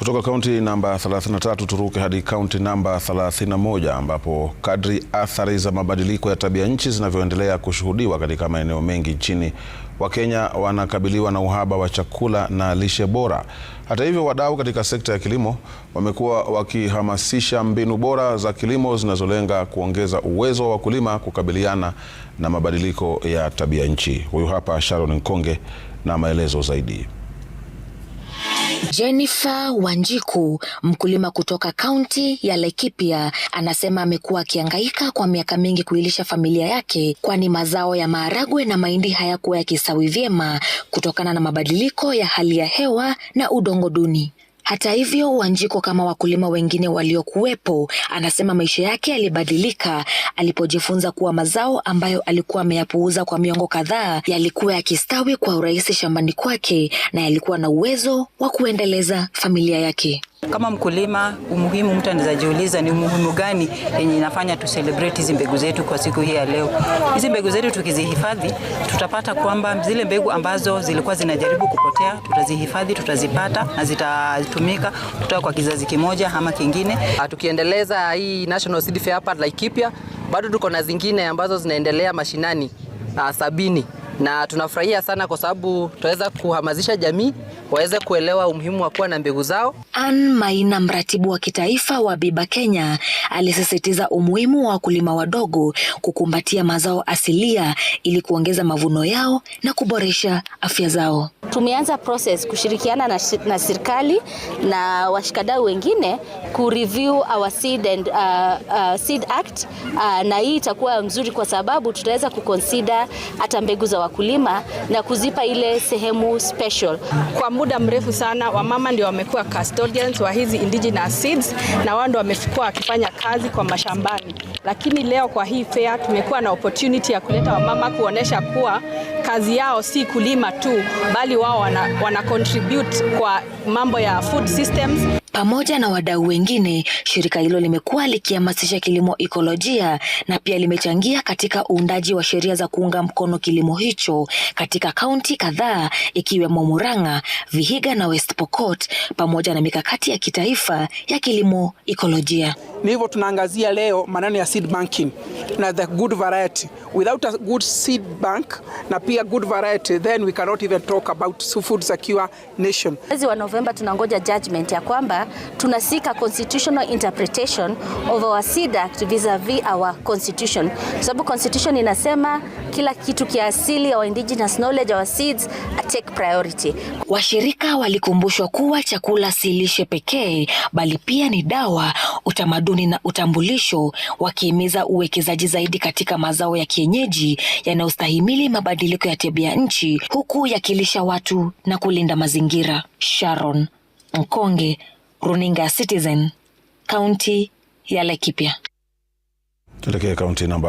Kutoka kaunti namba 33 turuke hadi kaunti namba 31 ambapo kadri athari za mabadiliko ya tabia nchi zinavyoendelea kushuhudiwa katika maeneo mengi nchini, Wakenya wanakabiliwa na uhaba wa chakula na lishe bora. Hata hivyo, wadau katika sekta ya kilimo wamekuwa wakihamasisha mbinu bora za kilimo zinazolenga kuongeza uwezo wa wakulima kukabiliana na mabadiliko ya tabia nchi. Huyu hapa Sharon Nkonge na maelezo zaidi. Jennifer Wanjiku, mkulima kutoka kaunti ya Laikipia, anasema amekuwa akihangaika kwa miaka mingi kuilisha familia yake, kwani mazao ya maharagwe na mahindi hayakuwa yakisawi vyema kutokana na mabadiliko ya hali ya hewa na udongo duni. Hata hivyo, Wanjiko kama wakulima wengine waliokuwepo, anasema maisha yake yalibadilika alipojifunza kuwa mazao ambayo alikuwa ameyapuuza kwa miongo kadhaa yalikuwa yakistawi kwa urahisi shambani kwake na yalikuwa na uwezo wa kuendeleza familia yake. Kama mkulima, umuhimu mtu anaweza jiuliza ni umuhimu gani yenye inafanya tu celebrate hizi mbegu zetu kwa siku hii ya leo. Hizi mbegu zetu tukizihifadhi, tutapata kwamba zile mbegu ambazo zilikuwa zinajaribu kupotea, tutazihifadhi, tutazipata na zitatumika kutoka kwa kizazi kimoja ama kingine. Ah, tukiendeleza hii National Seed Fair hapa Laikipia, bado tuko na zingine ambazo zinaendelea mashinani ah, sabini na tunafurahia sana kwa sababu tunaweza kuhamasisha jamii waweze kuelewa umuhimu wa kuwa na mbegu zao. Ann Maina, mratibu wa kitaifa wa Biba Kenya, alisisitiza umuhimu wa wakulima wadogo kukumbatia mazao asilia ili kuongeza mavuno yao na kuboresha afya zao. Tumeanza process kushirikiana na, na serikali na washikadau wengine ku review our seed and uh, uh, seed act uh, na hii itakuwa mzuri kwa sababu tutaweza kuconsider hata mbegu za wakulima na kuzipa ile sehemu special. Kwa muda mrefu sana wamama ndio wamekuwa custodians wa hizi indigenous seeds na wao ndio wamekuwa wakifanya kazi kwa mashambani, lakini leo kwa hii fair tumekuwa na opportunity ya kuleta wamama kuonesha kuwa kazi yao si kulima tu, bali wao wana, wana contribute kwa mambo ya food systems pamoja na wadau wengine, shirika hilo limekuwa likihamasisha kilimo ikolojia na pia limechangia katika uundaji wa sheria za kuunga mkono kilimo hicho katika kaunti kadhaa ikiwemo Murang'a, Vihiga na West Pokot pamoja na mikakati ya kitaifa ya kilimo ikolojia. Ni hivyo tunaangazia leo maneno ya seed banking na the good variety. Without a good seed bank na pia good variety, then we cannot even talk about food secure nation. Mwezi wa Novemba tunangoja judgment ya kwamba tunasika constitutional interpretation of our seed act vis-a-vis our constitution, sababu constitution inasema kila kitu kiasili, our indigenous knowledge, our seeds take priority. Washirika walikumbushwa kuwa chakula si lishe pekee, bali pia ni dawa, utamaduni utamaduni na utambulisho, wakihimiza uwekezaji zaidi katika mazao ya kienyeji yanayostahimili mabadiliko ya tabia nchi, huku yakilisha watu na kulinda mazingira. Sharon Mkonge, runinga Citizen, kaunti ya Laikipia. Tuelekee kaunti namba